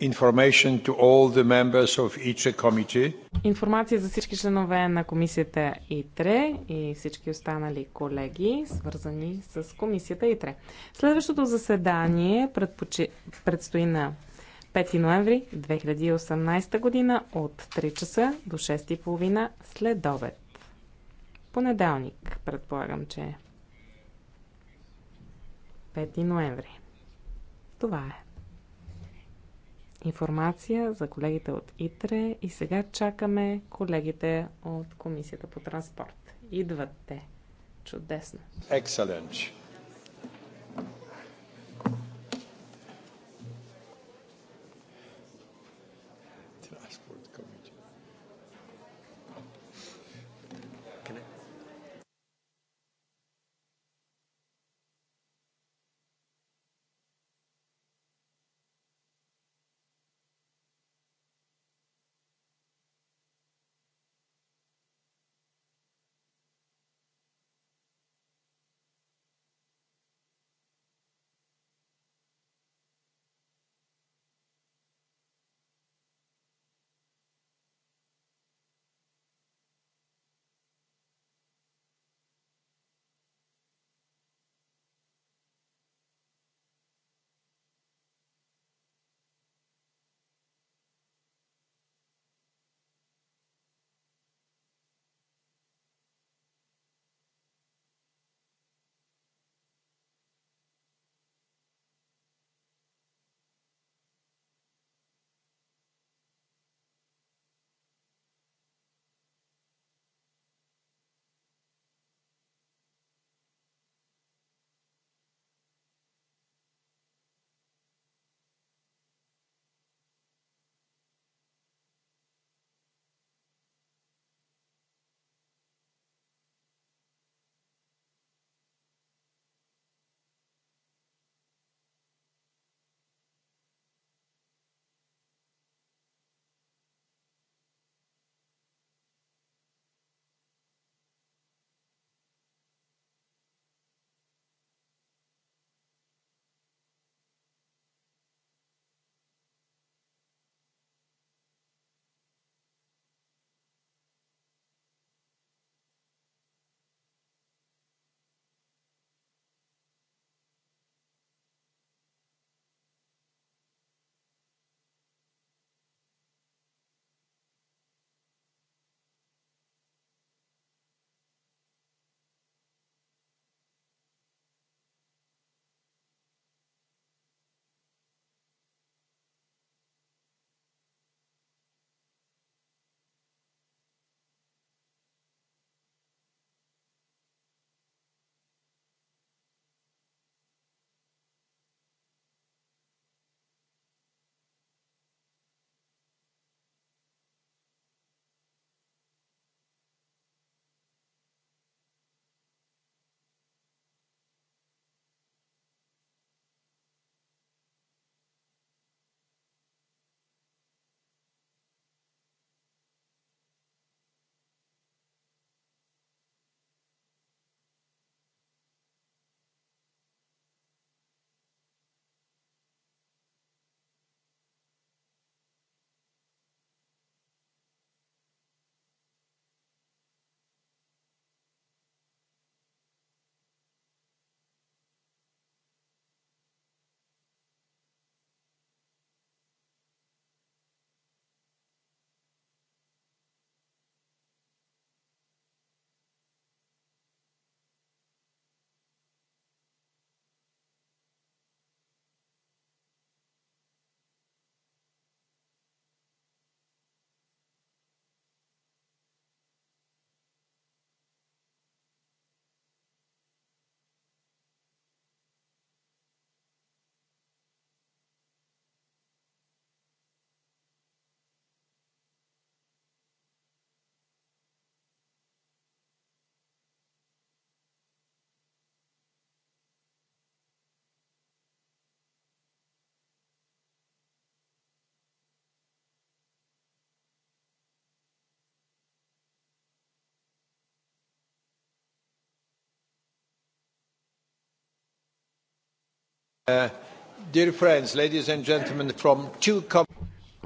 information to all the members of each committee. Информация за всички членове на комисията ИТРЕ и всички останали колеги, свързани с комисията ИТРЕ. Следващото заседание предпочи... предстои на 5 ноември 2018 година от 3 часа до 6.30 след обед. Понеделник, предполагам, че е. 5 ноември. Това е информация за колегите от ИТРЕ и сега чакаме колегите от Комисията по транспорт. Идват те. Чудесно. Excellent.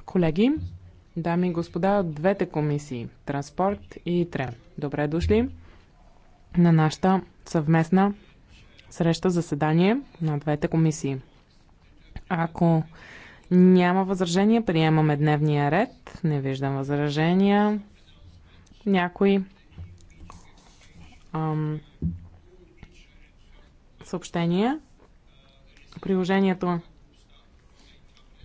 Колеги, дами и господа от двете комисии Транспорт и ИТРЕ, добре дошли на нашата съвместна среща заседание на двете комисии. Ако няма възражения, приемаме дневния ред. Не виждам възражения. Някои ам, съобщения. Приложението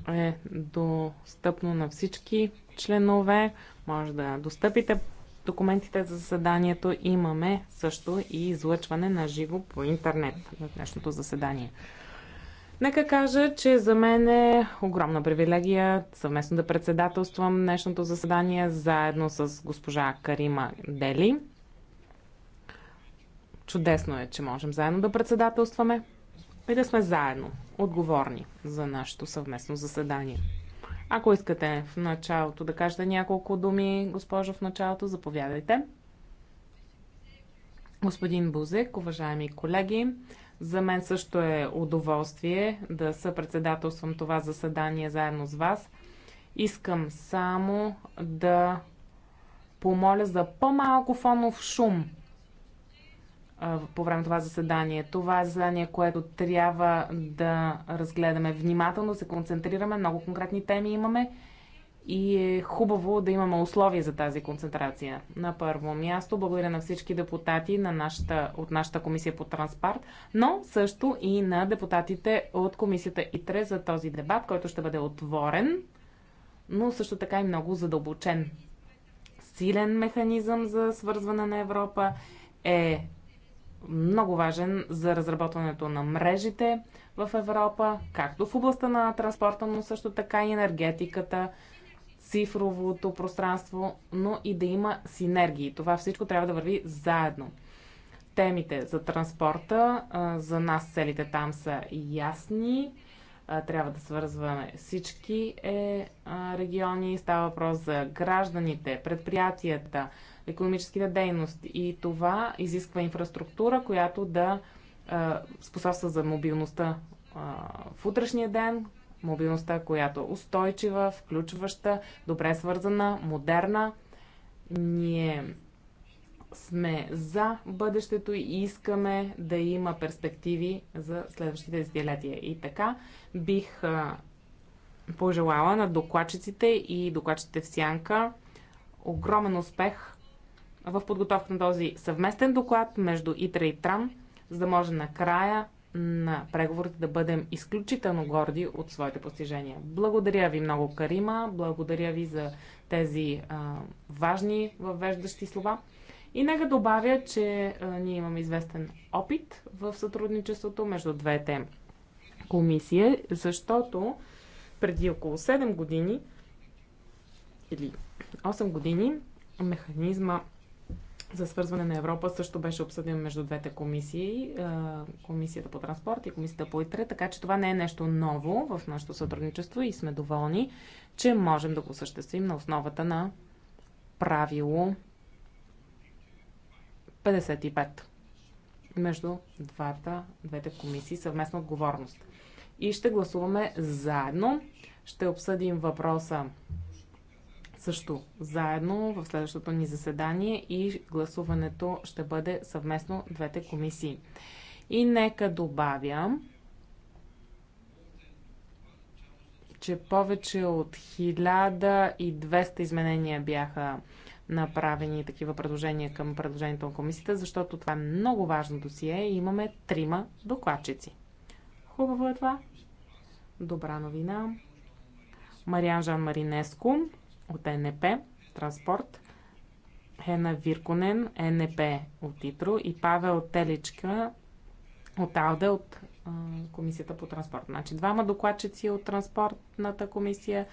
е достъпно на всички членове. Може да достъпите документите за заседанието. Имаме също и излъчване на живо по интернет на днешното заседание. Нека кажа, че за мен е огромна привилегия съвместно да председателствам днешното заседание заедно с госпожа Карима Дели. Чудесно е, че можем заедно да председателстваме е да сме заедно, отговорни за нашето съвместно заседание. Ако искате в началото да кажете няколко думи, госпожо, в началото, заповядайте. Господин Бузек, уважаеми колеги, за мен също е удоволствие да съпредседателствам това заседание заедно с вас. Искам само да помоля за по-малко фонов шум по време на това заседание. Това е заседание, което трябва да разгледаме внимателно, се концентрираме, много конкретни теми имаме и е хубаво да имаме условия за тази концентрация. На първо място, благодаря на всички депутати на нашата, от нашата комисия по транспорт, но също и на депутатите от комисията ИТРЕ за този дебат, който ще бъде отворен, но също така и много задълбочен. Силен механизъм за свързване на Европа е много важен за разработването на мрежите в Европа, както в областта на транспорта, но също така и енергетиката, цифровото пространство, но и да има синергии. Това всичко трябва да върви заедно. Темите за транспорта за нас целите там са ясни трябва да свързваме всички е, региони. Става въпрос за гражданите, предприятията, економическите дейности. И това изисква инфраструктура, която да способства за мобилността в утрешния ден, мобилността, която е устойчива, включваща, добре свързана, модерна. Ние сме за бъдещето и искаме да има перспективи за следващите десетилетия. И така бих пожелала на докладчиците и докладчите в Сянка огромен успех в подготовка на този съвместен доклад между ИТРА и Трам, за да може накрая на преговорите да бъдем изключително горди от своите постижения. Благодаря ви много, Карима. Благодаря ви за тези а, важни въвеждащи слова. И нека добавя, че а, ние имаме известен опит в сътрудничеството между двете комисии, защото преди около 7 години или 8 години механизма за свързване на Европа също беше обсъден между двете комисии, комисията по транспорт и комисията по ИТРЕ, така че това не е нещо ново в нашето сътрудничество и сме доволни, че можем да го съществим на основата на правило 55 между двата, двете комисии съвместна отговорност. И ще гласуваме заедно. Ще обсъдим въпроса също заедно в следващото ни заседание и гласуването ще бъде съвместно двете комисии. И нека добавя, че повече от 1200 изменения бяха направени такива предложения към предложението на комисията, защото това е много важно досие и имаме трима докладчици. Хубаво е това. Добра новина. Мариан Жан Маринеско от НП, Транспорт, Хена Вирконен, НП от ИТРО и Павел Теличка от АЛДЕ от а, Комисията по транспорт. Значи двама докладчици от Транспортната комисия,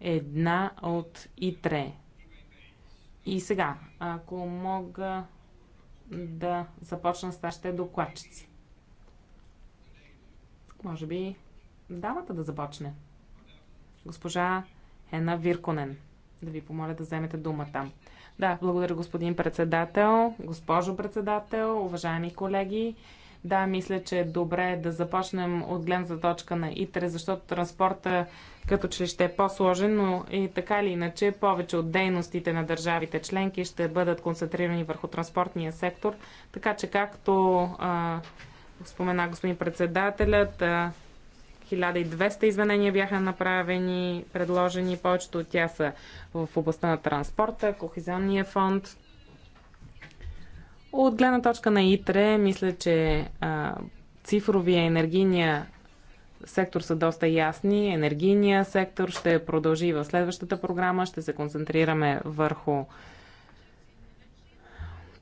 една от ИТРЕ и сега, ако мога да започна с нашите докладчици. Може би дамата да започне. Госпожа Ена Вирконен. Да ви помоля да вземете думата. Да, благодаря господин председател, госпожо председател, уважаеми колеги. Да, мисля, че е добре да започнем от гледната точка на ИТРЕ, защото транспорта като че ще е по-сложен, но и така или иначе повече от дейностите на държавите членки ще бъдат концентрирани върху транспортния сектор. Така че както а, спомена господин председателят, а, 1200 изменения бяха направени, предложени, повечето от тях са в областта на транспорта, Кохизионния фонд, от гледна точка на ИТРЕ, мисля, че а, цифровия енергийния сектор са доста ясни. Енергийния сектор ще продължи в следващата програма. Ще се концентрираме върху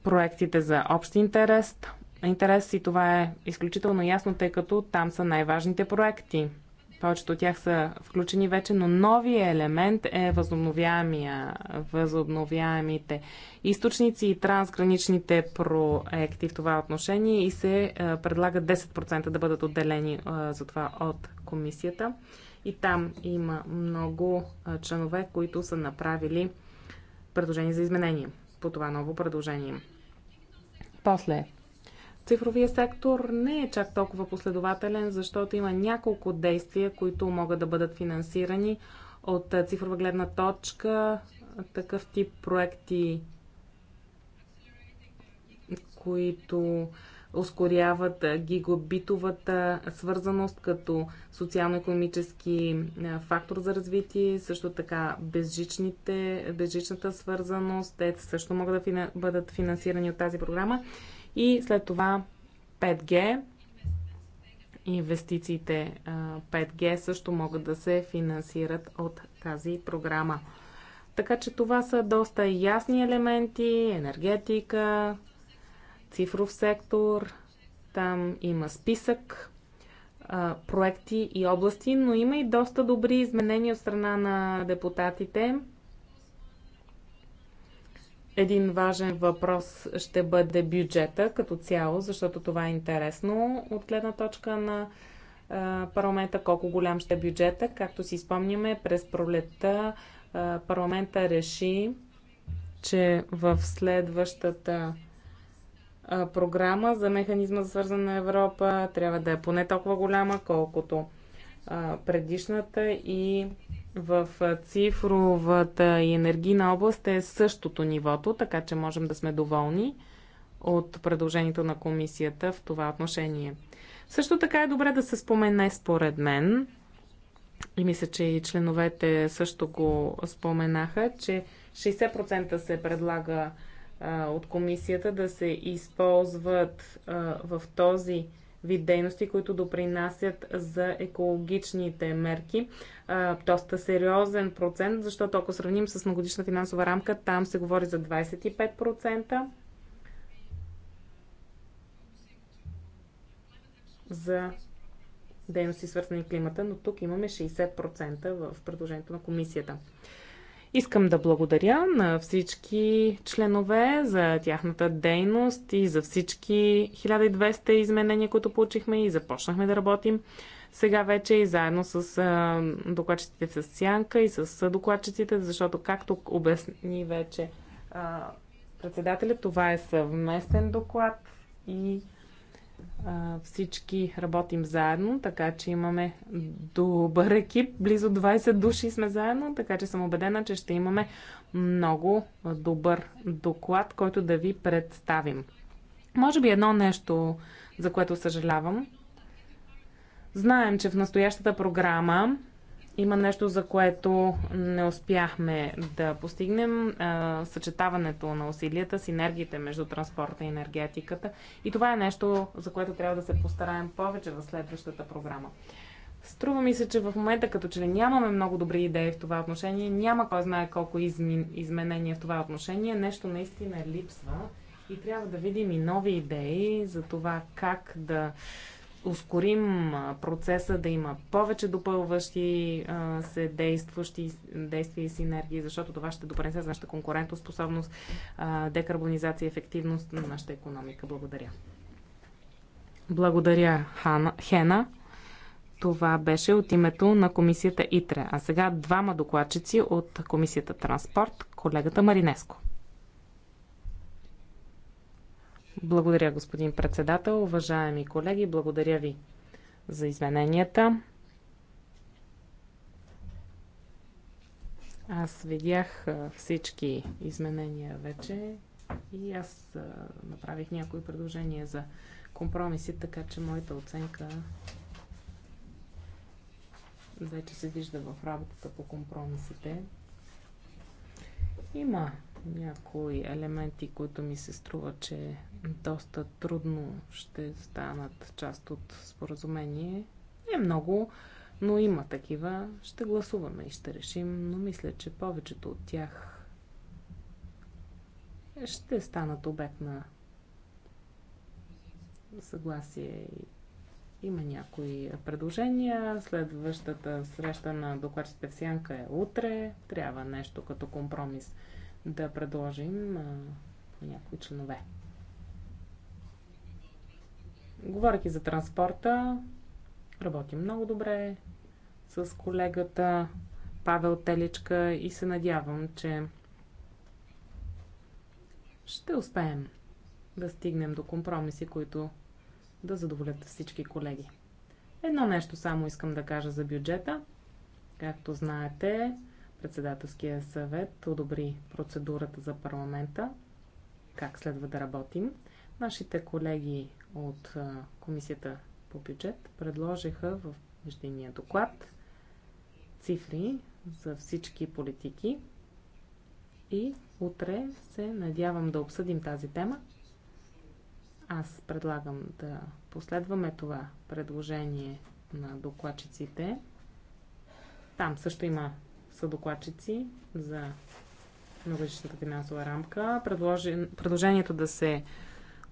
проектите за общ интерес. Интерес и това е изключително ясно, тъй като там са най-важните проекти. Повечето от тях са включени вече, но новия елемент е възобновяемия, възобновяемите източници и трансграничните проекти в това отношение и се е, предлага 10% да бъдат отделени е, за това от комисията. И там има много е, членове, които са направили предложение за изменение по това ново предложение. После Цифровия сектор не е чак толкова последователен, защото има няколко действия, които могат да бъдат финансирани от цифрова гледна точка, такъв тип проекти, които ускоряват гигабитовата свързаност като социално-економически фактор за развитие, също така безжичните, безжичната свързаност, те също могат да фина, бъдат финансирани от тази програма. И след това 5G. Инвестициите 5G също могат да се финансират от тази програма. Така че това са доста ясни елементи енергетика, цифров сектор. Там има списък проекти и области, но има и доста добри изменения от страна на депутатите. Един важен въпрос ще бъде бюджета като цяло, защото това е интересно от гледна точка на парламента, колко голям ще е бюджета. Както си спомняме, през пролетта парламента реши, че в следващата програма за механизма за свързана на Европа трябва да е поне толкова голяма, колкото предишната и в цифровата и енергийна област е същото нивото, така че можем да сме доволни от предложението на комисията в това отношение. Също така е добре да се спомене според мен, и мисля, че и членовете също го споменаха, че 60% се предлага а, от комисията да се използват а, в този вид дейности, които допринасят за екологичните мерки. Доста сериозен процент, защото ако сравним с многодишна финансова рамка, там се говори за 25%. за дейности свързани с климата, но тук имаме 60% в предложението на комисията. Искам да благодаря на всички членове за тяхната дейност и за всички 1200 изменения, които получихме и започнахме да работим. Сега вече и заедно с докладчиците с Сянка и с докладчиците, защото както обясни вече председателя, това е съвместен доклад и всички работим заедно, така че имаме добър екип. Близо 20 души сме заедно, така че съм убедена, че ще имаме много добър доклад, който да ви представим. Може би едно нещо, за което съжалявам. Знаем, че в настоящата програма има нещо, за което не успяхме да постигнем а, съчетаването на усилията, синергиите между транспорта и енергетиката. И това е нещо, за което трябва да се постараем повече в следващата програма. Струва ми се, че в момента като че ли нямаме много добри идеи в това отношение, няма кой знае колко изменения в това отношение, нещо наистина липсва и трябва да видим и нови идеи за това как да ускорим процеса, да има повече допълващи се действащи действия и синергии, защото това ще допринесе за нашата конкурентоспособност, декарбонизация и ефективност на нашата економика. Благодаря. Благодаря, Хана, Хена. Това беше от името на комисията ИТРЕ. А сега двама докладчици от комисията Транспорт, колегата Маринеско. Благодаря, господин председател. Уважаеми колеги, благодаря ви за измененията. Аз видях всички изменения вече и аз направих някои предложения за компромиси, така че моята оценка вече се вижда в работата по компромисите. Има някои елементи, които ми се струва, че доста трудно ще станат част от споразумение. Не много, но има такива. Ще гласуваме и ще решим, но мисля, че повечето от тях ще станат обект на съгласие и има някои предложения. Следващата среща на докладчите в Сянка е утре. Трябва нещо като компромис да предложим а, някои членове. Говоряки за транспорта, работим много добре с колегата Павел Теличка и се надявам, че ще успеем да стигнем до компромиси, които да задоволят всички колеги. Едно нещо само искам да кажа за бюджета. Както знаете, председателския съвет одобри процедурата за парламента, как следва да работим. Нашите колеги от Комисията по бюджет предложиха в междинния доклад цифри за всички политики и утре се надявам да обсъдим тази тема. Аз предлагам да последваме това предложение на докладчиците. Там също има са докладчици за многогодишната финансова рамка. Предложи, предложението да се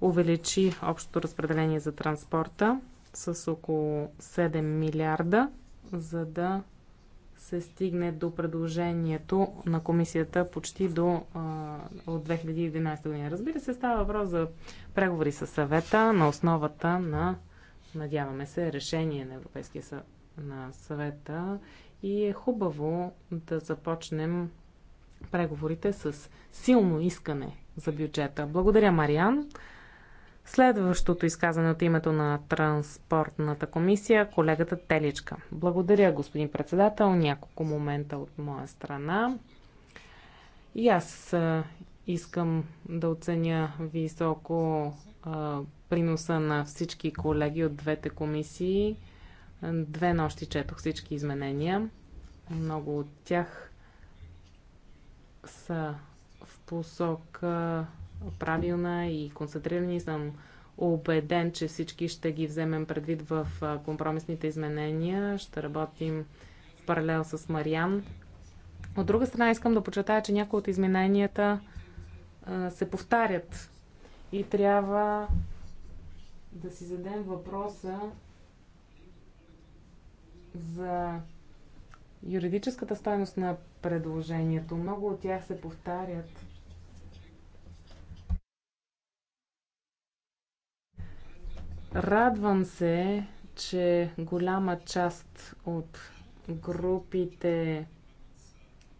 увеличи общото разпределение за транспорта с около 7 милиарда, за да се стигне до предложението на комисията почти до а, от 2011 година. Разбира се, става въпрос за преговори с съвета на основата на, надяваме се, решение на Европейския съ... на съвета и е хубаво да започнем преговорите с силно искане за бюджета. Благодаря, Мариан. Следващото изказване от името на Транспортната комисия, колегата Теличка. Благодаря, господин председател. Няколко момента от моя страна. И аз искам да оценя високо приноса на всички колеги от двете комисии Две нощи четох всички изменения. Много от тях са в посока правилна и концентрирани. Съм убеден, че всички ще ги вземем предвид в компромисните изменения. Ще работим в паралел с Мариан. От друга страна искам да почетая, че някои от измененията се повтарят и трябва да си зададем въпроса за юридическата стойност на предложението. Много от тях се повтарят. Радвам се, че голяма част от групите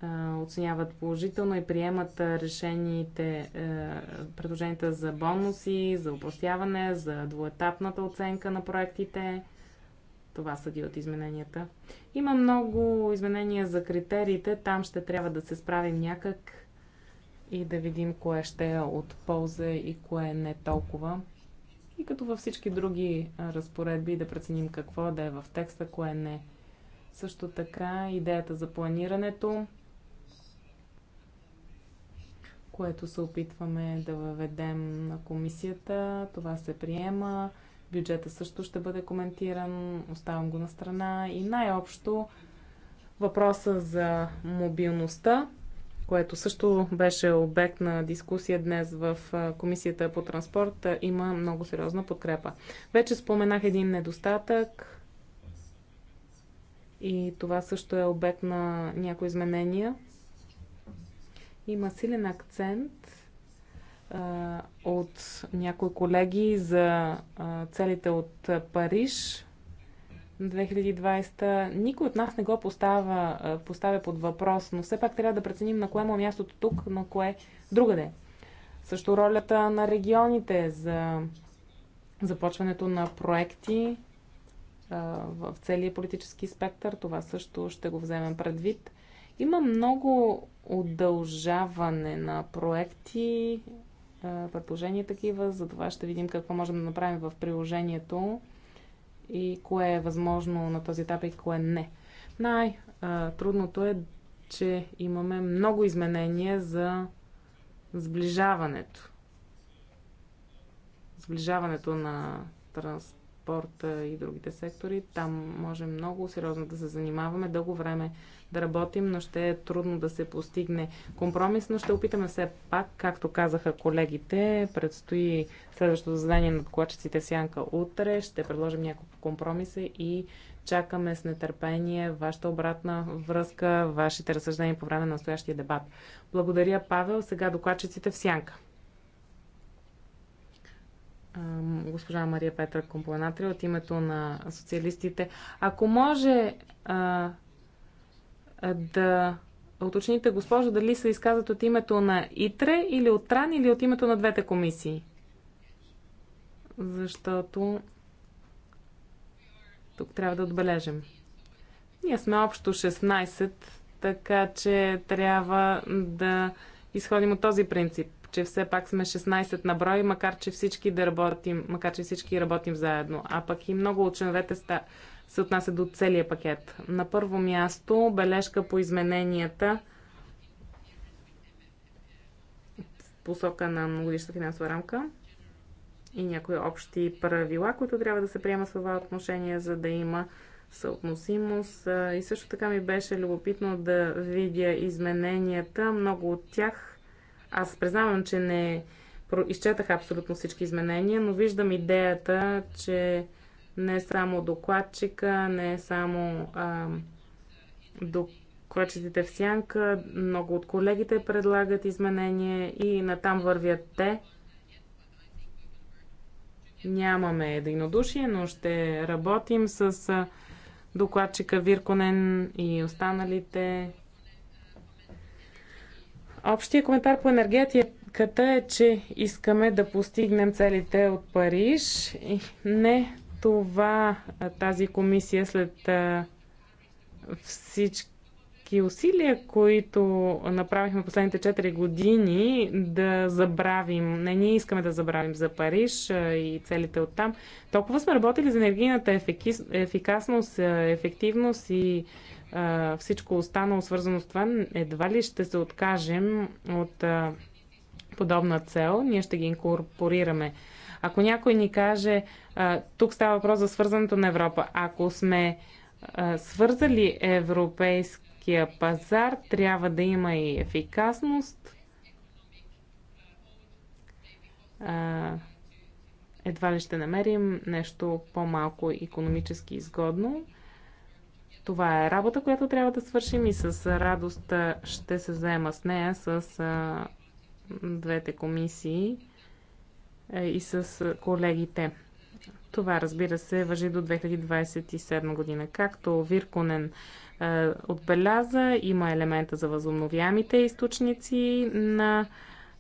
а, оценяват положително и приемат решените, а, предложенията за бонуси, за упростяване, за двуетапната оценка на проектите това съди от измененията. Има много изменения за критериите. Там ще трябва да се справим някак и да видим кое ще е от полза и кое не толкова. И като във всички други разпоредби да преценим какво да е в текста, кое не. Също така идеята за планирането, което се опитваме да въведем на комисията, това се приема. Бюджета също ще бъде коментиран, оставам го на страна. И най-общо въпроса за мобилността, което също беше обект на дискусия днес в Комисията по транспорт, има много сериозна подкрепа. Вече споменах един недостатък и това също е обект на някои изменения. Има силен акцент от някои колеги за целите от Париж 2020. Никой от нас не го поставя, поставя под въпрос, но все пак трябва да преценим на кое му е мястото тук, на кое другаде. Също ролята на регионите за започването на проекти в целия политически спектър. Това също ще го вземем предвид. Има много удължаване на проекти предложения такива, за това ще видим какво можем да направим в приложението и кое е възможно на този етап и кое не. Най-трудното е, че имаме много изменения за сближаването. Сближаването на транспорт транспорта и другите сектори. Там може много сериозно да се занимаваме, дълго време да работим, но ще е трудно да се постигне компромис, но ще опитаме все пак, както казаха колегите, предстои следващото задание на докладчиците Сянка утре, ще предложим няколко компромиса и чакаме с нетърпение вашата обратна връзка, вашите разсъждения по време на настоящия дебат. Благодаря, Павел. Сега докладчиците в Сянка госпожа Мария Петра Компонатри от името на социалистите. Ако може а, да уточните, госпожо, дали се изказват от името на ИТРЕ или от ТРАН или от името на двете комисии. Защото тук трябва да отбележим. Ние сме общо 16, така че трябва да изходим от този принцип че все пак сме 16 на брой, макар че всички да работим, макар че всички работим заедно. А пък и много от членовете ста, се отнасят до целия пакет. На първо място бележка по измененията в посока на многодишна финансова рамка и някои общи правила, които трябва да се приемат в това отношение, за да има съотносимост. И също така ми беше любопитно да видя измененията. Много от тях аз признавам, че не изчетах абсолютно всички изменения, но виждам идеята, че не е само докладчика, не е само а, докладчиците в сянка, много от колегите предлагат изменения и натам вървят те. Нямаме единодушие, но ще работим с докладчика Вирконен и останалите Общия коментар по енергетиката е, че искаме да постигнем целите от Париж. И не това тази комисия след всички усилия, които направихме последните 4 години да забравим. Не, ние искаме да забравим за Париж и целите от там. Толкова сме работили за енергийната ефикасност, ефективност и всичко останало свързано с това, едва ли ще се откажем от а, подобна цел. Ние ще ги инкорпорираме. Ако някой ни каже, а, тук става въпрос за свързането на Европа, ако сме а, свързали европейския пазар, трябва да има и ефикасност. А, едва ли ще намерим нещо по-малко економически изгодно. Това е работа, която трябва да свършим и с радост ще се взема с нея с двете комисии и с колегите. Това, разбира се, въжи до 2027 година. Както Вирконен отбеляза, има елемента за възобновяемите източници на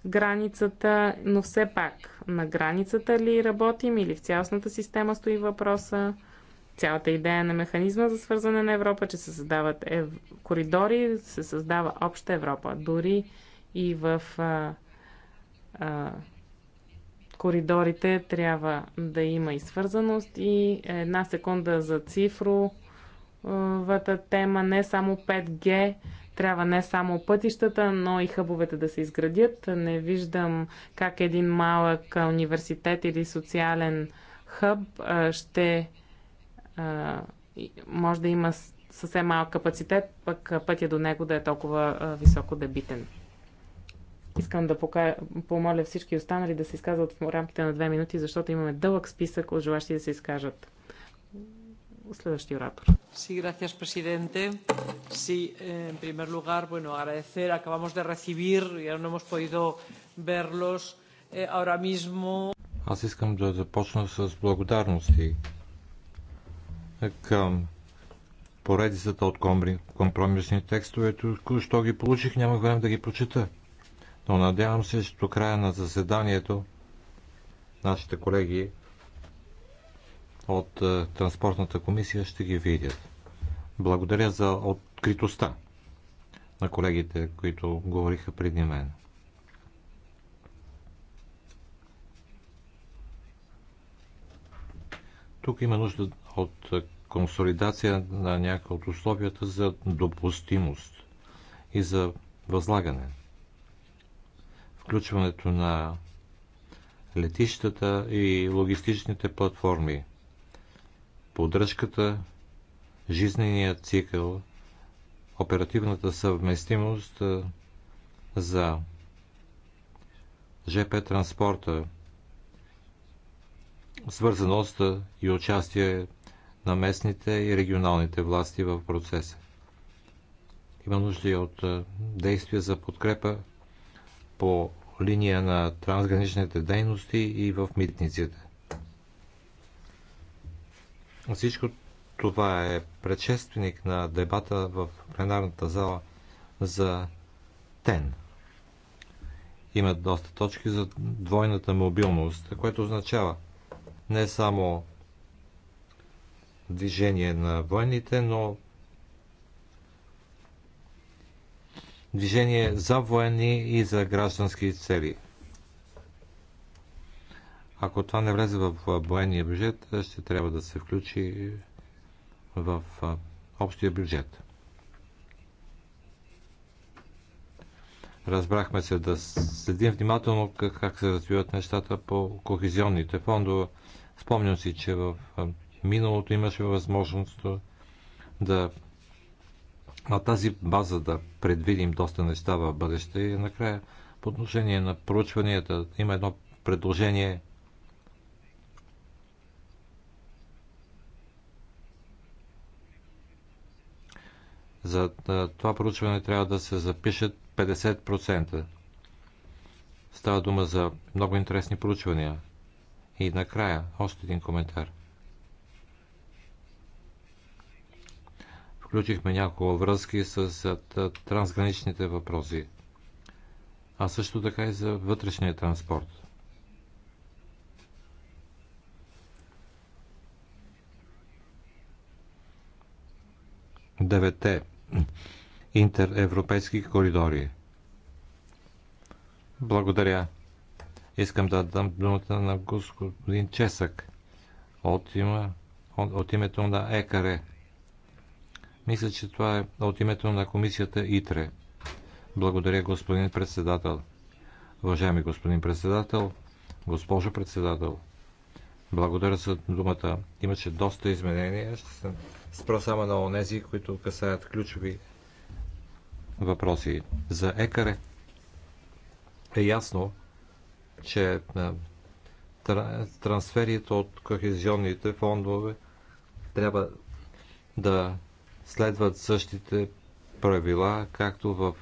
границата, но все пак на границата ли работим или в цялостната система стои въпроса цялата идея на механизма за свързване на Европа, че се създават ев... коридори, се създава обща Европа. Дори и в а, а, коридорите трябва да има и свързаност и една секунда за цифровата тема, не само 5G, трябва не само пътищата, но и хъбовете да се изградят. Не виждам как един малък университет или социален хъб ще може да има съвсем малък капацитет, пък пътя до него да е толкова високо дебитен. Искам да пока... помоля всички останали да се изказват в рамките на две минути, защото имаме дълъг списък от желащи да се изкажат. Следващия оратор. Sí, gracias, presidente. Sí, en primer lugar, bueno, agradecer. Acabamos de recibir, ya no hemos podido verlos eh, ahora mismo. Аз искам да започна с благодарности към поредицата от компромисни текстове. Току-що ги получих, нямах време да ги прочита. Но надявам се, че до края на заседанието нашите колеги от е, Транспортната комисия ще ги видят. Благодаря за откритостта на колегите, които говориха преди мен. Тук има нужда от консолидация на някои от условията за допустимост и за възлагане. Включването на летищата и логистичните платформи, поддръжката, жизнения цикъл, оперативната съвместимост за ЖП транспорта, свързаността и участие на местните и регионалните власти в процеса. Има нужда и от действия за подкрепа по линия на трансграничните дейности и в митниците. Всичко това е предшественик на дебата в пленарната зала за ТЕН. Има доста точки за двойната мобилност, което означава не само движение на военните, но движение за военни и за граждански цели. Ако това не влезе в военния бюджет, ще трябва да се включи в общия бюджет. Разбрахме се да следим внимателно как се развиват нещата по кохезионните фондове. Спомням си, че в миналото имаше възможност да на тази база да предвидим доста неща в бъдеще. И накрая, по отношение на проучванията, има едно предложение. За това проучване трябва да се запишат 50%. Става дума за много интересни проучвания. И накрая, още един коментар – Включихме няколко връзки с трансграничните въпроси, а също така и за вътрешния транспорт. Девете интеревропейски коридори. Благодаря. Искам да дам думата на господин Чесък от, има, от името на ЕКАРЕ. Мисля, че това е от името на комисията ИТРЕ. Благодаря, господин председател. Уважаеми господин председател, госпожо председател, благодаря за думата. Имаше доста изменения. Ще се спра само на онези, които касаят ключови въпроси. За екаре е ясно, че трансферите от кохезионните фондове трябва да следват същите правила, както в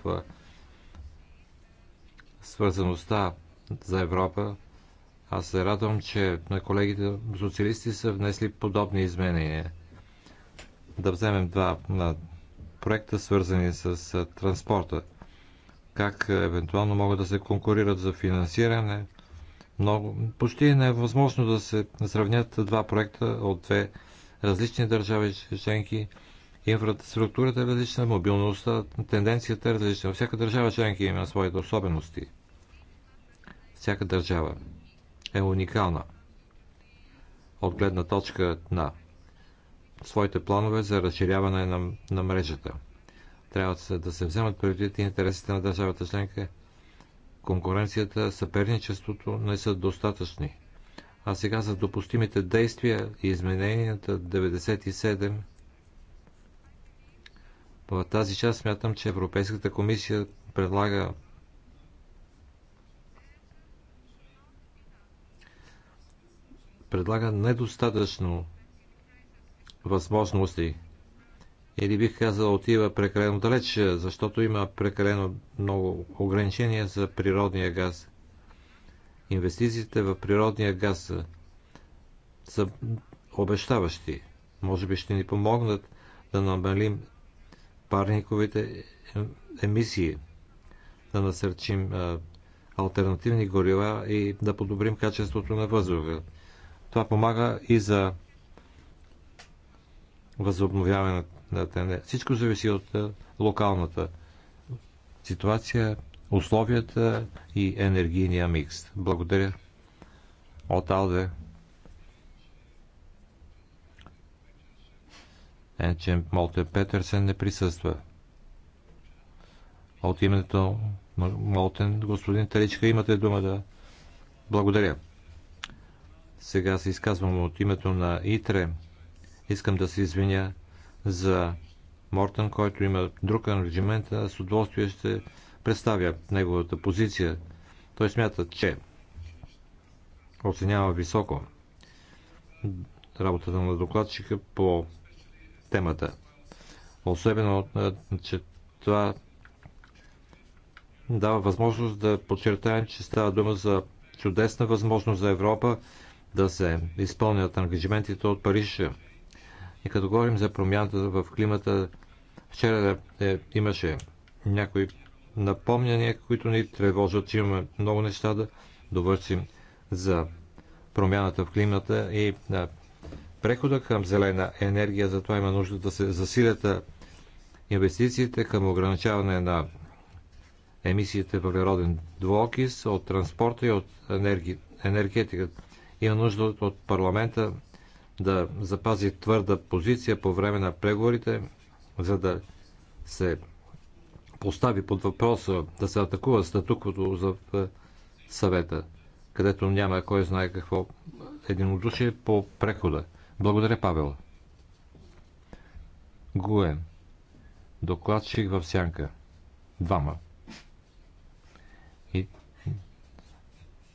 свързаността за Европа. Аз се радвам, че на колегите социалисти са внесли подобни изменения. Да вземем два на проекта, свързани с транспорта. Как евентуално могат да се конкурират за финансиране. Много, почти не е възможно да се сравнят два проекта от две различни държави членки – Инфраструктурата е различна, мобилността, тенденцията е различна. Всяка държава членки има своите особености. Всяка държава е уникална от гледна точка на своите планове за разширяване на, на мрежата. Трябва да се, да се вземат предвид интересите на държавата членка. Конкуренцията, съперничеството не са достатъчни. А сега за допустимите действия и измененията 97 в тази част смятам, че Европейската комисия предлага предлага недостатъчно възможности или бих казал отива прекалено далеч, защото има прекалено много ограничения за природния газ. Инвестициите в природния газ са, са обещаващи. Може би ще ни помогнат да намалим парниковите е, емисии, да насърчим альтернативни горива и да подобрим качеството на въздуха. Това помага и за възобновяване на тене. Всичко зависи от локалната ситуация, условията и енергийния микс. Благодаря. От Алде. Енчен Молте Петърсен не присъства. От името Молтен, господин Таричка, имате дума да благодаря. Сега се изказвам от името на ИТРЕ. Искам да се извиня за Мортън, който има друг ангажимент, а с удоволствие ще представя неговата позиция. Той смята, че оценява високо работата на докладчика по темата. Особено, че това дава възможност да подчертаем, че става дума за чудесна възможност за Европа да се изпълнят ангажиментите от Париж. И като говорим за промяната в климата, вчера е, имаше някои напомняния, които ни тревожат, че имаме много неща да довършим за промяната в климата и прехода към зелена енергия, затова има нужда да се засилят инвестициите към ограничаване на емисиите въглероден двуокис от транспорта и от енерги... енергетиката. Има нужда от парламента да запази твърда позиция по време на преговорите, за да се постави под въпроса да се атакува статуквото за съвета, където няма кой знае какво единодушие по прехода. Благодаря, Павел. Гуе. Докладчик в сянка. Двама. И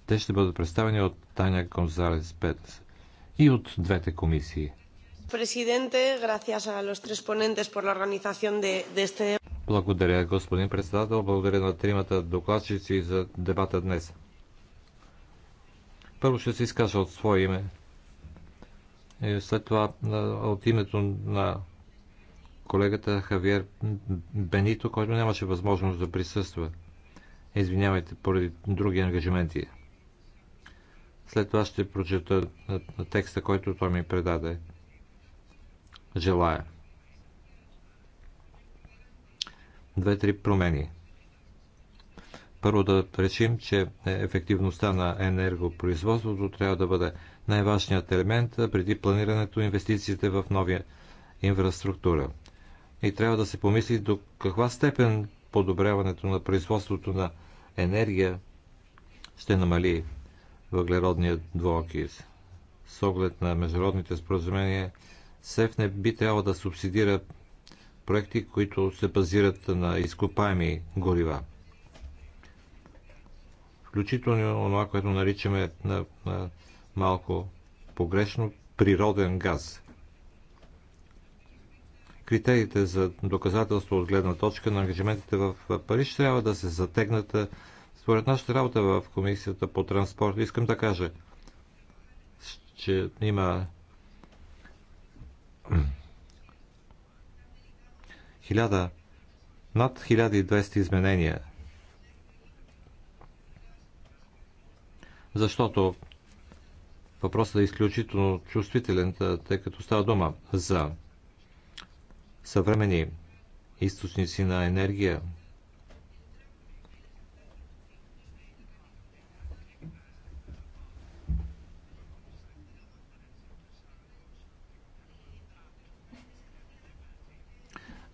те ще бъдат представени от Таня Гонзалес Пет и от двете комисии. Президенте, gracias a los tres ponentes por la organización de, de este... Благодаря, господин председател. Благодаря на тримата докладчици за дебата днес. Първо ще се изкажа от свое име и е, след това от името на колегата Хавиер Бенито, който нямаше възможност да присъства. Извинявайте, поради други ангажименти. След това ще прочета на текста, който той ми предаде. Желая. Две-три промени. Първо да решим, че ефективността на енергопроизводството трябва да бъде най-важният елемент преди планирането инвестициите в новия инфраструктура. И трябва да се помисли до каква степен подобряването на производството на енергия ще намали въглеродния двуокис. С оглед на международните споразумения, СЕФ не би трябвало да субсидира проекти, които се базират на изкопаеми горива. Включително това, което наричаме на, на малко погрешно природен газ. Критериите за доказателство от гледна точка на ангажиментите в Париж трябва да се затегнат според нашата работа в Комисията по транспорт. Искам да кажа, че има хиляда, над 1200 изменения. Защото Въпросът е изключително чувствителен, тъй като става дума за съвремени източници на енергия.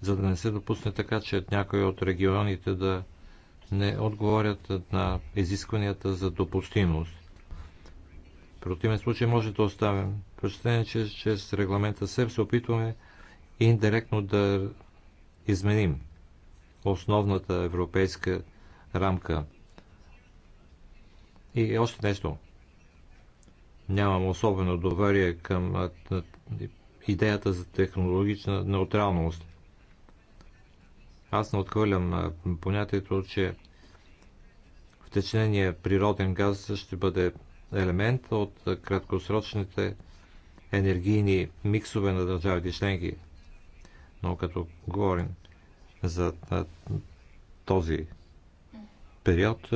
За да не се допусне така, че някои от регионите да не отговорят на изискванията за допустимост противен случай може да оставим впечатление, че чрез регламента СЕП се опитваме индиректно да изменим основната европейска рамка. И още нещо. Нямам особено доверие към идеята за технологична неутралност. Аз не отхвърлям понятието, че втечнение природен газ ще бъде елемент от краткосрочните енергийни миксове на държавите членки. Но като говорим за този период,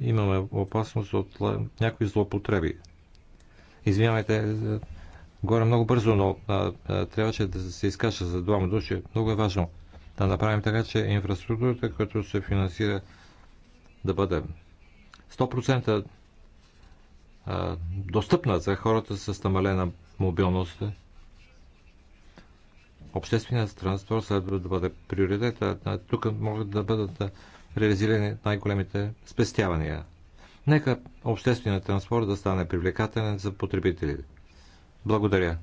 имаме опасност от някои злоупотреби. Извинявайте, горе много бързо, но а, а, трябваше да се изкаша за двама души. Много е важно да направим така, че инфраструктурата, която се финансира да бъде 100% достъпна за хората с намалена мобилност. Общественият транспорт следва да бъде приоритет. А тук могат да бъдат реализирани най-големите спестявания. Нека общественият транспорт да стане привлекателен за потребителите. Благодаря.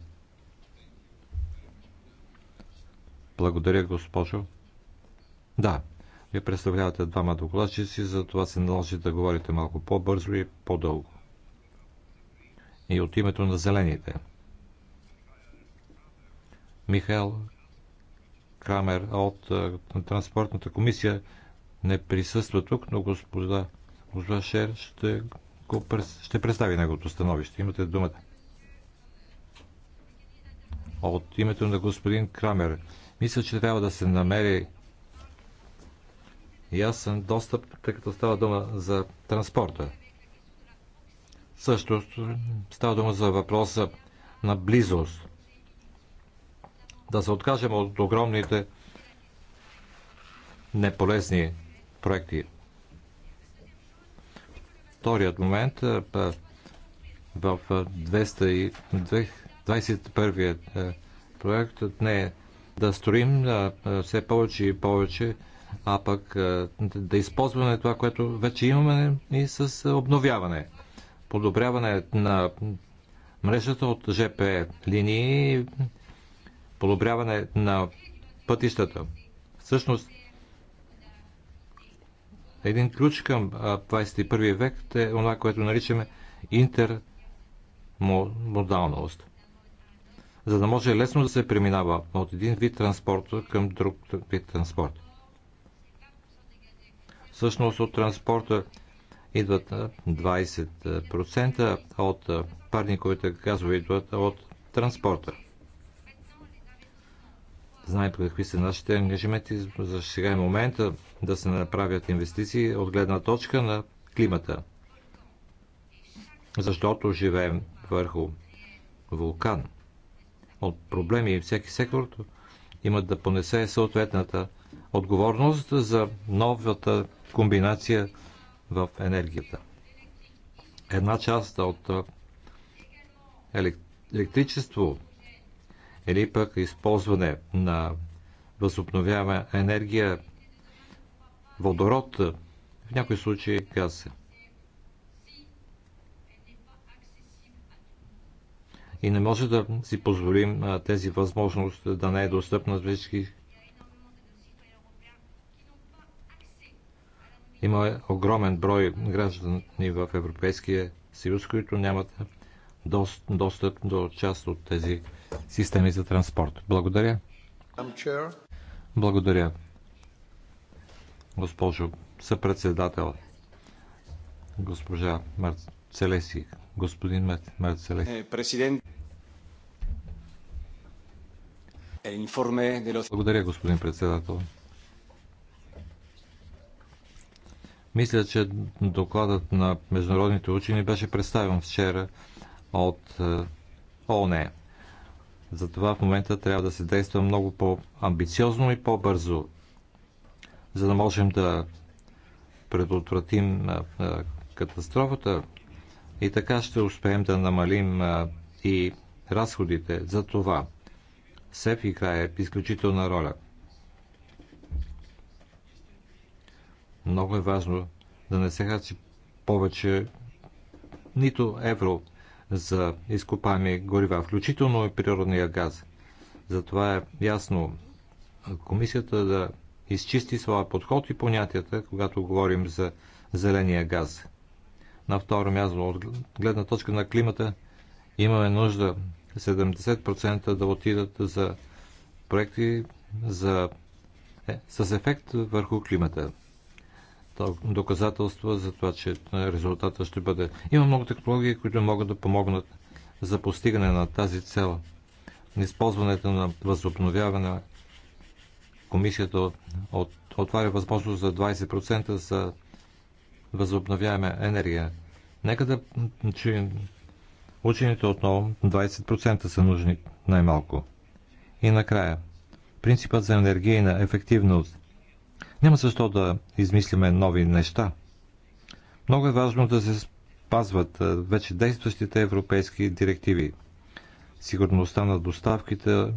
Благодаря, госпожо. Да, вие представлявате двама докладчици, затова се наложи да говорите малко по-бързо и по-дълго. И от името на зелените. Михаил Крамер от Транспортната комисия не присъства тук, но господа, госпожа Шер ще, го, ще представи неговото становище. Имате думата. От името на господин Крамер, мисля, че трябва да се намери ясен достъп, тъй като става дума за транспорта. Също става дума за въпроса на близост. Да се откажем от огромните неполезни проекти. Вторият момент е, в 221 е, проект не е да строим е, все повече и повече а пък да използваме това, което вече имаме и с обновяване. Подобряване на мрежата от ЖП линии, подобряване на пътищата. Всъщност, един ключ към 21 век е това, което наричаме интермодалност. За да може лесно да се преминава от един вид транспорт към друг вид транспорт. Всъщност от транспорта идват 20% от парниковите газове идват от транспорта. Знаем какви са нашите ангажименти. За сега е момента да се направят инвестиции от гледна точка на климата. Защото живеем върху вулкан. От проблеми и всеки сектор имат да понесе съответната отговорност за новата комбинация в енергията. Една част от електричество или пък използване на възобновяема енергия, водород, в някои случаи газ. И не може да си позволим тези възможности да не е достъпна за всички Има огромен брой граждани в Европейския съюз, които нямат достъп до част от тези системи за транспорт. Благодаря. Благодаря, госпожо съпредседател, госпожа Марцелеси, господин Марцелеси. Е, президент. Е, Благодаря, господин председател. Мисля, че докладът на международните учени беше представен вчера от е, ООН. Затова в момента трябва да се действа много по-амбициозно и по-бързо, за да можем да предотвратим е, е, катастрофата и така ще успеем да намалим и разходите. За това СЕФ играе изключителна роля – Много е важно да не се харчи повече нито евро за изкопаеми горива, включително и природния газ. Затова е ясно комисията да изчисти своя подход и понятията, когато говорим за зеления газ. На второ място, от гледна точка на климата, имаме нужда 70% да отидат за проекти за, е, с ефект върху климата доказателства за това, че е, резултата ще бъде. Има много технологии, които могат да помогнат за постигане на тази цел. Използването на възобновяване комисията от, отваря възможност за 20% за възобновяема енергия. Нека да чуем учените отново 20% са нужни най-малко. И накрая, принципът за енергийна ефективност няма защо да измислиме нови неща. Много е важно да се спазват вече действащите европейски директиви. Сигурността на доставките,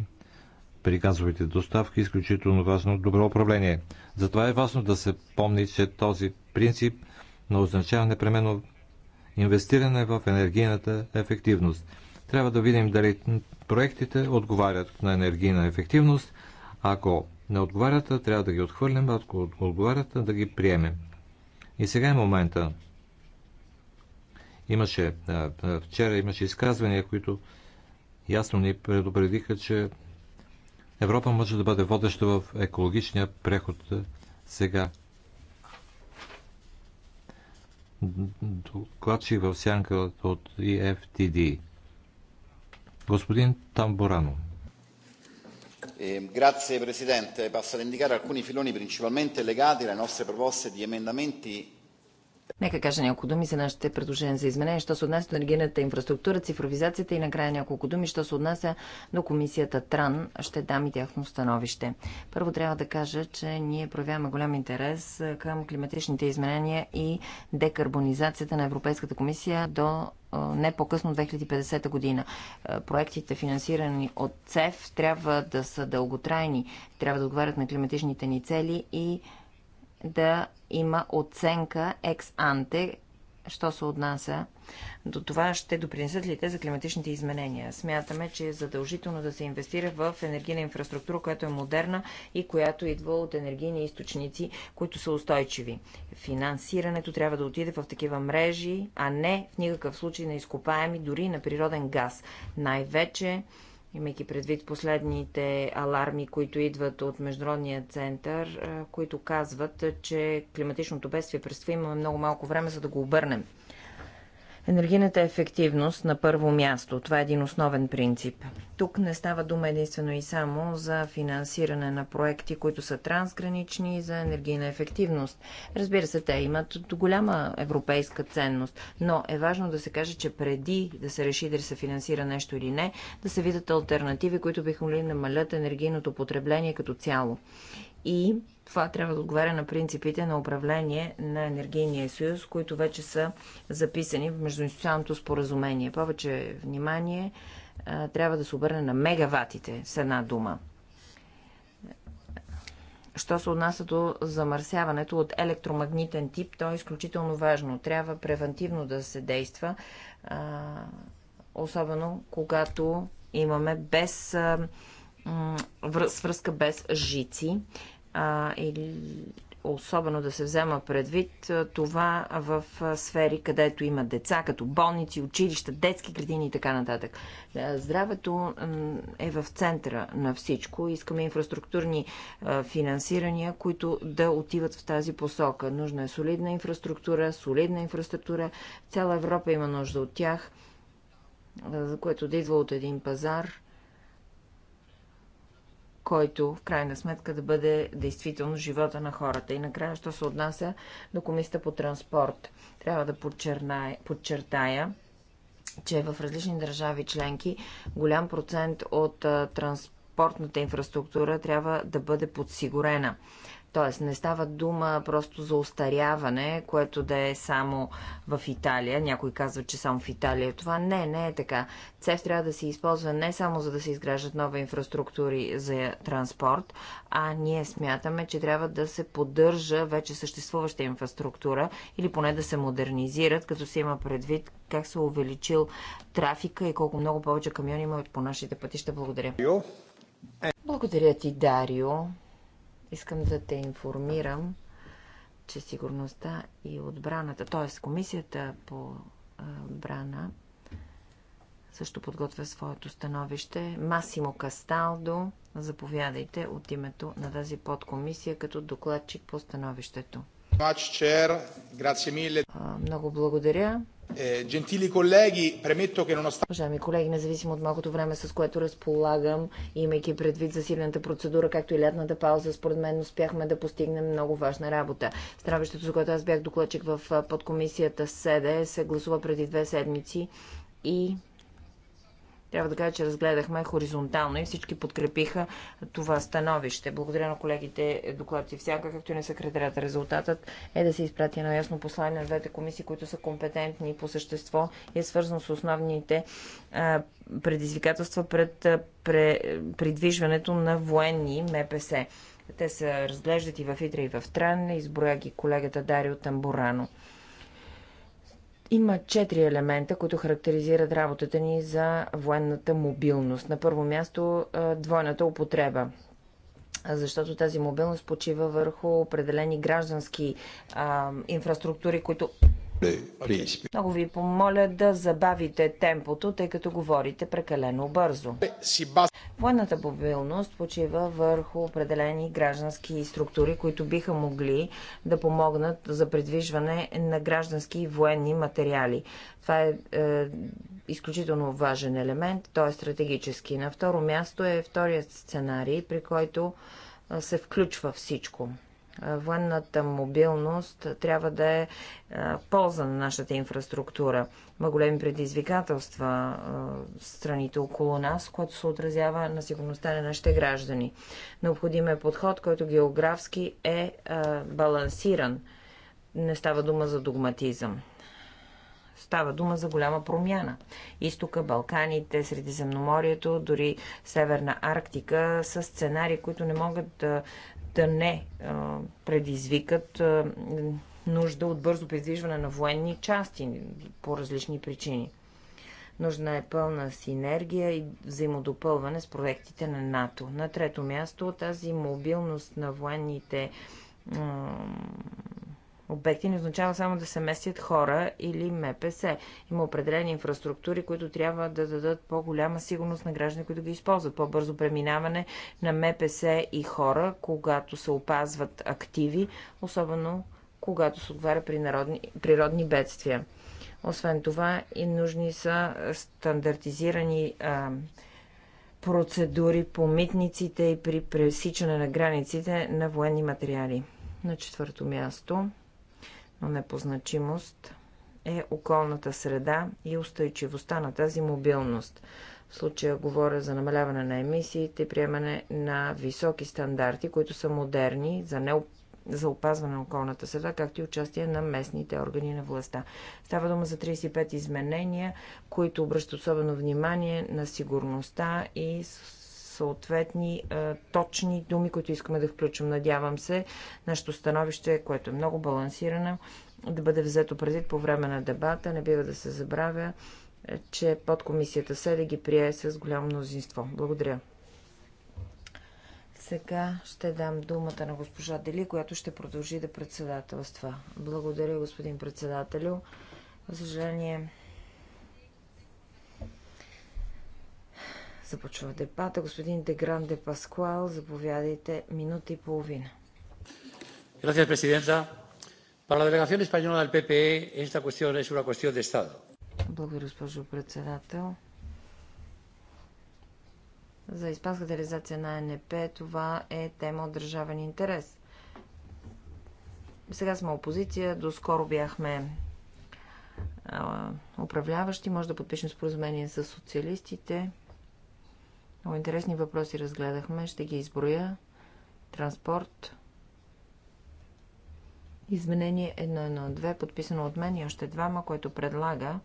при газовите доставки е изключително важно добро управление. Затова е важно да се помни, че този принцип не означава непременно инвестиране в енергийната ефективност. Трябва да видим дали проектите отговарят на енергийна ефективност. Ако не отговарят, трябва да ги отхвърлим, ако отговарят, да ги приемем. И сега е момента. Имаше, вчера имаше изказвания, които ясно ни предупредиха, че Европа може да бъде водеща в екологичния преход сега. Докладчи в сянка от EFTD. Господин Тамборано. Eh, grazie Presidente. Passo ad indicare alcuni filoni principalmente legati alle nostre proposte di emendamenti Нека кажа няколко думи за нашите предложения за изменение, що се отнася до енергийната инфраструктура, цифровизацията и накрая няколко думи, що се отнася до комисията ТРАН. Ще дам и тяхно становище. Първо трябва да кажа, че ние проявяваме голям интерес към климатичните изменения и декарбонизацията на Европейската комисия до не по-късно 2050 година. Проектите, финансирани от ЦЕФ, трябва да са дълготрайни, трябва да отговарят на климатичните ни цели и да има оценка екс-анте що се отнася до това, ще допринесат ли те за климатичните изменения. Смятаме, че е задължително да се инвестира в енергийна инфраструктура, която е модерна и която идва от енергийни източници, които са устойчиви. Финансирането трябва да отиде в такива мрежи, а не в никакъв случай на изкопаеми, дори на природен газ. Най-вече имайки предвид последните аларми, които идват от Международния център, които казват, че климатичното бедствие предстои, имаме много малко време, за да го обърнем. Енергийната ефективност на първо място. Това е един основен принцип. Тук не става дума единствено и само за финансиране на проекти, които са трансгранични за енергийна ефективност. Разбира се, те имат голяма европейска ценност, но е важно да се каже, че преди да се реши дали се финансира нещо или не, да се видят альтернативи, които биха могли намалят енергийното потребление като цяло. И това трябва да отговаря на принципите на управление на енергийния съюз, които вече са записани в междуинституционалното споразумение. Повече внимание а, трябва да се обърне на мегаватите с една дума. Що се отнася до замърсяването от електромагнитен тип, то е изключително важно. Трябва превентивно да се действа, а, особено когато имаме без а, свръзка без жици а, или особено да се взема предвид това в сфери, където има деца, като болници, училища, детски градини и така нататък. Здравето е в центъра на всичко. Искаме инфраструктурни финансирания, които да отиват в тази посока. Нужна е солидна инфраструктура, солидна инфраструктура. Цяла Европа има нужда от тях, за което да идва от един пазар – който в крайна сметка да бъде действително живота на хората. И накрая, що се отнася до Комисията по транспорт, трябва да подчерная, подчертая, че в различни държави членки голям процент от транспортната инфраструктура трябва да бъде подсигурена. Тоест не става дума просто за устаряване, което да е само в Италия. Някой казва, че само в Италия е това. Не, не е така. ЦЕФ трябва да се използва не само за да се изграждат нови инфраструктури за транспорт, а ние смятаме, че трябва да се поддържа вече съществуваща инфраструктура или поне да се модернизират, като се има предвид как се е увеличил трафика и колко много повече камиони има по нашите пътища. Благодаря. Благодаря ти, Дарио. Искам да те информирам, че сигурността и отбраната, т.е. комисията по отбрана, също подготвя своето становище. Масимо Касталдо, заповядайте от името на тази подкомисия като докладчик по становището. Много благодаря. Eh, gentili колеги, Уважаеми колеги, независимо от малкото време, с което разполагам, имайки предвид засилената процедура, както и лятната пауза, според мен успяхме да постигнем много важна работа. Становището, за което аз бях докладчик в подкомисията СЕДЕ, се гласува преди две седмици и трябва да кажа, че разгледахме хоризонтално и всички подкрепиха това становище. Благодаря на колегите докладци всяка, както и не секретарят, Резултатът е да се изпрати едно ясно послание на двете комисии, които са компетентни по същество и е свързано с основните предизвикателства пред придвижването на военни МПС. Те се разглеждат и в Итра, и в Тран. Изброя ги колегата Дарио Тамбурано. Има четири елемента, които характеризират работата ни за военната мобилност. На първо място двойната употреба защото тази мобилност почива върху определени граждански а, инфраструктури, които много ви помоля да забавите темпото, тъй като говорите прекалено бързо. Е, Военната мобилност почива върху определени граждански структури, които биха могли да помогнат за придвижване на граждански и военни материали. Това е, е изключително важен елемент, той е стратегически. На второ място е вторият сценарий, при който се включва всичко военната мобилност трябва да е полза на нашата инфраструктура. Има големи предизвикателства страните около нас, което се отразява на сигурността на нашите граждани. Необходим е подход, който географски е балансиран. Не става дума за догматизъм. Става дума за голяма промяна. Изтока, Балканите, Средиземноморието, дори Северна Арктика са сценари, които не могат да да не предизвикат нужда от бързо придвижване на военни части по различни причини. Нужна е пълна синергия и взаимодопълване с проектите на НАТО. На трето място тази мобилност на военните обекти не означава само да се местят хора или МПС. Има определени инфраструктури, които трябва да дадат по-голяма сигурност на граждани, които ги използват. По-бързо преминаване на МПС и хора, когато се опазват активи, особено когато се отговаря при народни, природни бедствия. Освен това, и нужни са стандартизирани а, процедури по митниците и при пресичане на границите на военни материали. На четвърто място но непозначимост е околната среда и устойчивостта на тази мобилност. В случая говоря за намаляване на емисиите и приемане на високи стандарти, които са модерни за не за опазване на околната среда, както и участие на местните органи на властта. Става дума за 35 изменения, които обръщат особено внимание на сигурността и съответни а, точни думи, които искаме да включим. Надявам се, нашето становище, което е много балансирано, да бъде взето предвид по време на дебата. Не бива да се забравя, е, че подкомисията СЕДЕ ги прие с голямо мнозинство. Благодаря. Сега ще дам думата на госпожа Дели, която ще продължи да председателства. Благодаря, господин председателю. За съжаление, Започва дебата. Господин Дегран де Паскуал, заповядайте минута и половина. Gracias, Presidenta. Para la delegación española del PPE, esta cuestión es una cuestión de Estado. Благодаря, госпожо председател. За испанската реализация на НП това е тема от държавен интерес. Сега сме опозиция, доскоро бяхме управляващи, може да подпишем споразумение с социалистите. Много интересни въпроси разгледахме. Ще ги изброя. Транспорт. Изменение 112, подписано от мен и още двама, което предлага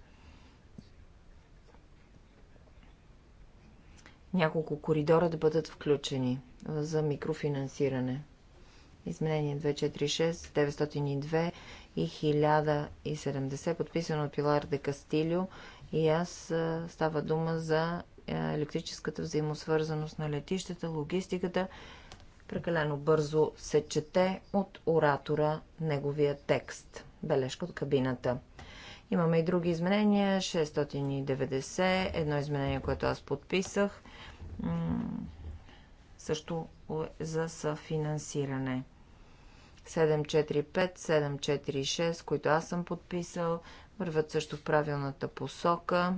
няколко коридора да бъдат включени за микрофинансиране. Изменение 246, 902 и 1070, подписано от Пилар де Кастилио и аз става дума за е, електрическата взаимосвързаност на летищата, логистиката. Прекалено бързо се чете от оратора неговия текст. Бележка от кабината. Имаме и други изменения. 690, едно изменение, което аз подписах. Също е за съфинансиране. 745, 746, които аз съм подписал, върват също в правилната посока.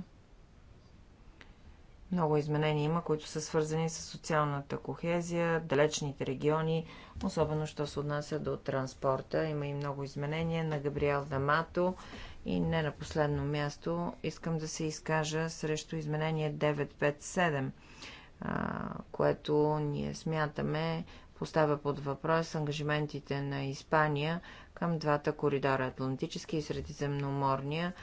Много изменения има, които са свързани с социалната кохезия, далечните региони, особено що се отнася до транспорта. Има и много изменения на Габриел Дамато и не на последно място искам да се изкажа срещу изменение 957, което ние смятаме поставя под въпрос ангажиментите на Испания към двата коридора Атлантически и Средиземноморния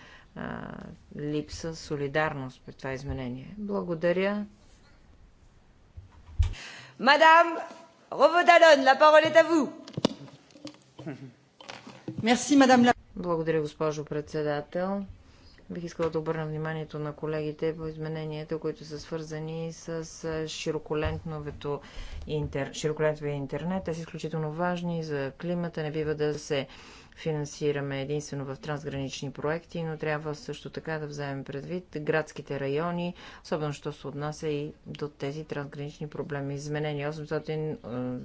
липса солидарност при това изменение. Благодаря. Мадам Роводалон, la parole est à vous. Merci, мадам la... Благодаря, госпожо председател. Бих искала да обърна вниманието на колегите по измененията, които са свързани с широколентовето интер... широколентовия интернет. Те са изключително важни за климата. Не бива да се финансираме единствено в трансгранични проекти, но трябва също така да вземем предвид градските райони, особено що се отнася и до тези трансгранични проблеми. Изменение 800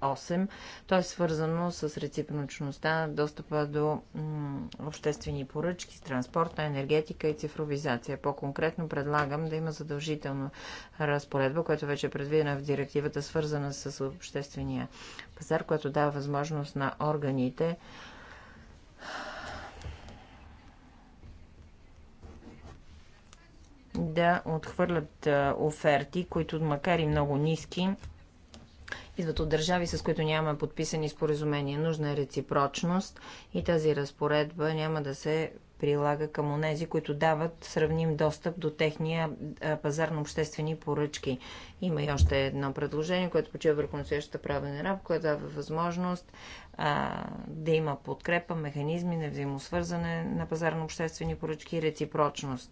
8. То е свързано с реципрочността, достъпа до обществени поръчки, транспорта, енергетика и цифровизация. По-конкретно предлагам да има задължителна разпоредба, която вече е предвидена в директивата, свързана с обществения пазар, която дава възможност на органите да отхвърлят оферти, които макар и много ниски, идват от държави, с които нямаме подписани споразумения. Нужна е реципрочност и тази разпоредба няма да се прилага към онези, които дават сравним достъп до техния пазар на обществени поръчки. Има и още едно предложение, което почива върху настоящата правен раб, което дава възможност а, да има подкрепа, механизми на взаимосвързане на пазар на обществени поръчки и реципрочност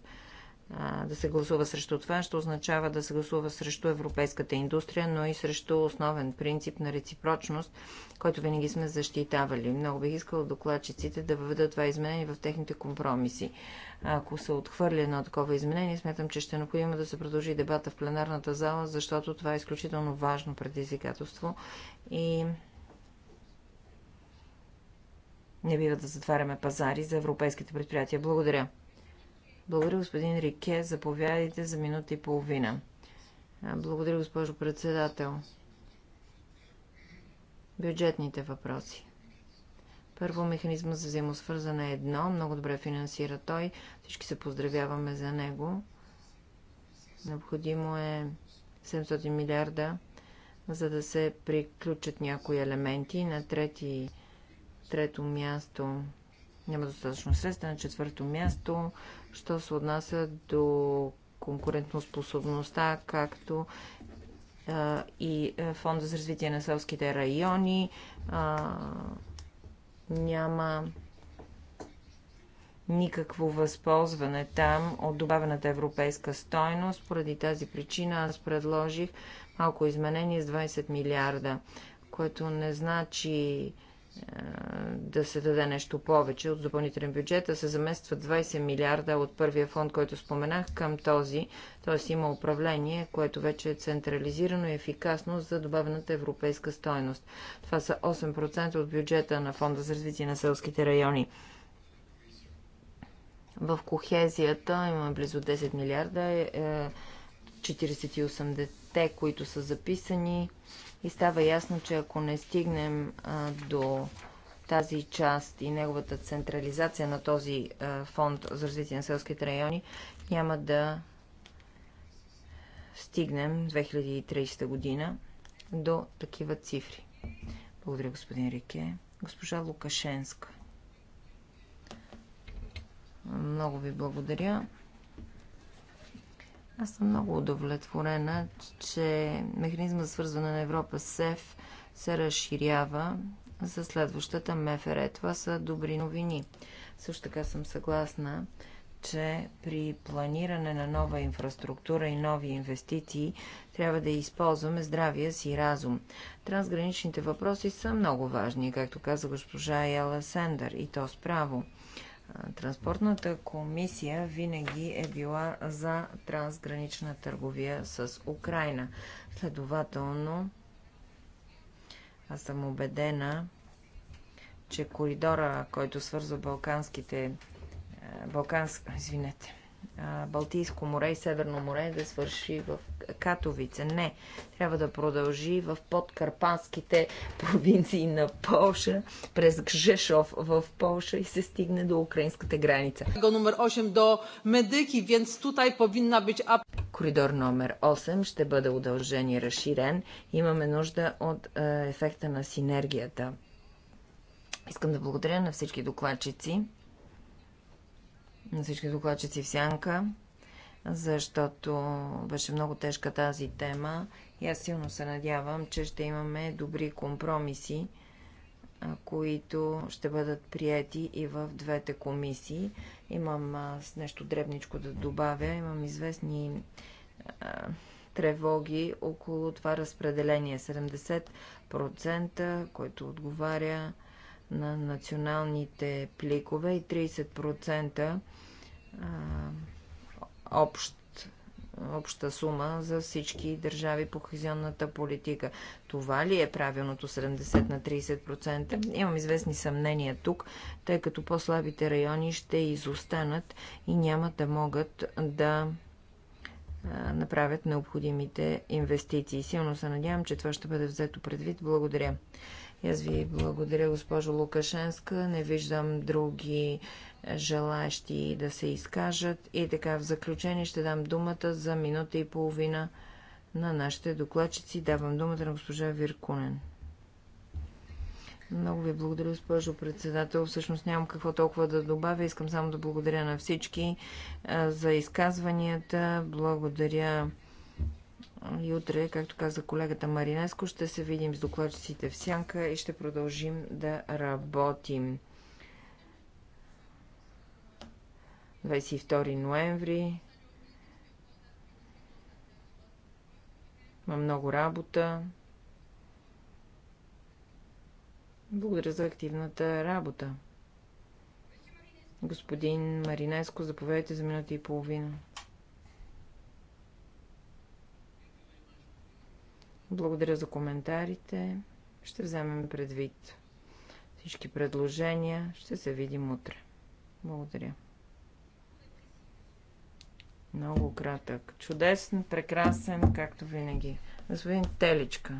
да се гласува срещу това, ще означава да се гласува срещу европейската индустрия, но и срещу основен принцип на реципрочност, който винаги сме защитавали. Много бих искала докладчиците да въведат това изменение в техните компромиси. Ако се отхвърли едно такова изменение, смятам, че ще е необходимо да се продължи дебата в пленарната зала, защото това е изключително важно предизвикателство и не бива да затваряме пазари за европейските предприятия. Благодаря. Благодаря, господин Рике. Заповядайте за минута и половина. Благодаря, госпожо председател. Бюджетните въпроси. Първо, механизма за взаимосвързане е едно. Много добре финансира той. Всички се поздравяваме за него. Необходимо е 700 милиарда, за да се приключат някои елементи. На трети, трето място няма достатъчно средства. На четвърто място що се отнася до конкурентоспособността, както а, и Фонда за развитие на селските райони. А, няма никакво възползване там от добавената европейска стойност. Поради тази причина аз предложих малко изменение с 20 милиарда, което не значи да се даде нещо повече от допълнителен бюджет, а се заместват 20 милиарда от първия фонд, който споменах, към този. Т.е. има управление, което вече е централизирано и ефикасно за добавената европейска стойност. Това са 8% от бюджета на Фонда за развитие на селските райони. В кохезията имаме близо 10 милиарда, 48 е, е, дете, които са записани и става ясно, че ако не стигнем а, до тази част и неговата централизация на този а, фонд за развитие на селските райони, няма да стигнем 2030 година до такива цифри. Благодаря, господин Рике. Госпожа Лукашенска. Много ви благодаря. Аз съм много удовлетворена, че механизма за свързване на Европа СЕФ се разширява за следващата МФР. Това са добри новини. Също така съм съгласна, че при планиране на нова инфраструктура и нови инвестиции трябва да използваме здравия си разум. Трансграничните въпроси са много важни, както каза госпожа Яла Сендър, и то справо. Транспортната комисия винаги е била за трансгранична търговия с Украина. Следователно, аз съм убедена, че коридора, който свързва Балканските, е, Балканск, извинете, Балтийско море и Северно море да свърши в Катовица. Не. Трябва да продължи в подкарпанските провинции на Полша, през ГЖешов в Полша и се стигне до украинската граница. Номер 8 до Медики, więc tutaj powinna być... Коридор номер 8 ще бъде удължен и разширен. Имаме нужда от е, ефекта на синергията. Искам да благодаря на всички докладчици, на всички докладчици в Сянка, защото беше много тежка тази тема и аз силно се надявам, че ще имаме добри компромиси, които ще бъдат прияти и в двете комисии. Имам с нещо дребничко да добавя. Имам известни а, тревоги около това разпределение. 70%, който отговаря на националните пликове и 30% а, общ, обща сума за всички държави по хизионната политика. Това ли е правилното 70 на 30%? Имам известни съмнения тук, тъй като по-слабите райони ще изостанат и няма да могат да направят необходимите инвестиции. Силно се надявам, че това ще бъде взето предвид. Благодаря. И аз ви благодаря, госпожо Лукашенска. Не виждам други желащи да се изкажат. И така, в заключение ще дам думата за минута и половина на нашите докладчици. Давам думата на госпожа Виркунен. Много ви благодаря, госпожо председател. Всъщност нямам какво толкова да добавя. Искам само да благодаря на всички за изказванията. Благодаря и утре, както каза колегата Маринеско, ще се видим с докладчиците в сянка и ще продължим да работим. 22 ноември. Има много работа. Благодаря за активната работа. Господин Маринеско, заповядайте за минута и половина. Благодаря за коментарите. Ще вземем предвид всички предложения. Ще се видим утре. Благодаря. Много кратък. Чудесен, прекрасен, както винаги. Господин Теличка.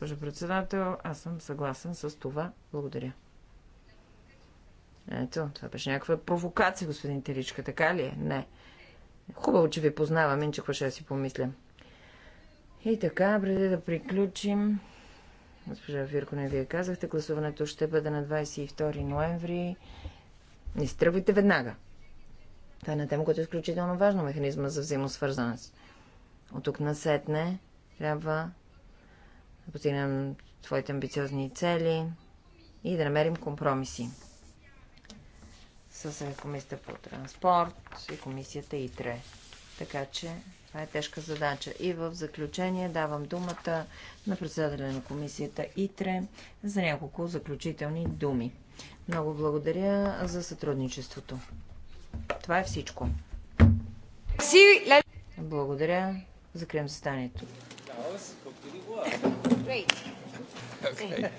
Боже председател, аз съм съгласен с това. Благодаря. Ето, това беше някаква провокация, господин Теличка, така ли е? Не. Хубаво, че ви познавам, инче ще си помисля. И така, преди да приключим, госпожа не, вие казахте, гласуването ще бъде на 22 ноември. Не стръгвайте веднага. Това е на тема, която е изключително важно, механизма за взаимосвързаност. От тук насетне трябва да постигнем своите амбициозни цели и да намерим компромиси с Комисията по транспорт и Комисията ИТРЕ. Така че това е тежка задача. И в заключение давам думата на председателя на комисията ИТРЕ за няколко заключителни думи. Много благодаря за сътрудничеството. Това е всичко. Благодаря. Закрием състанието. Okay.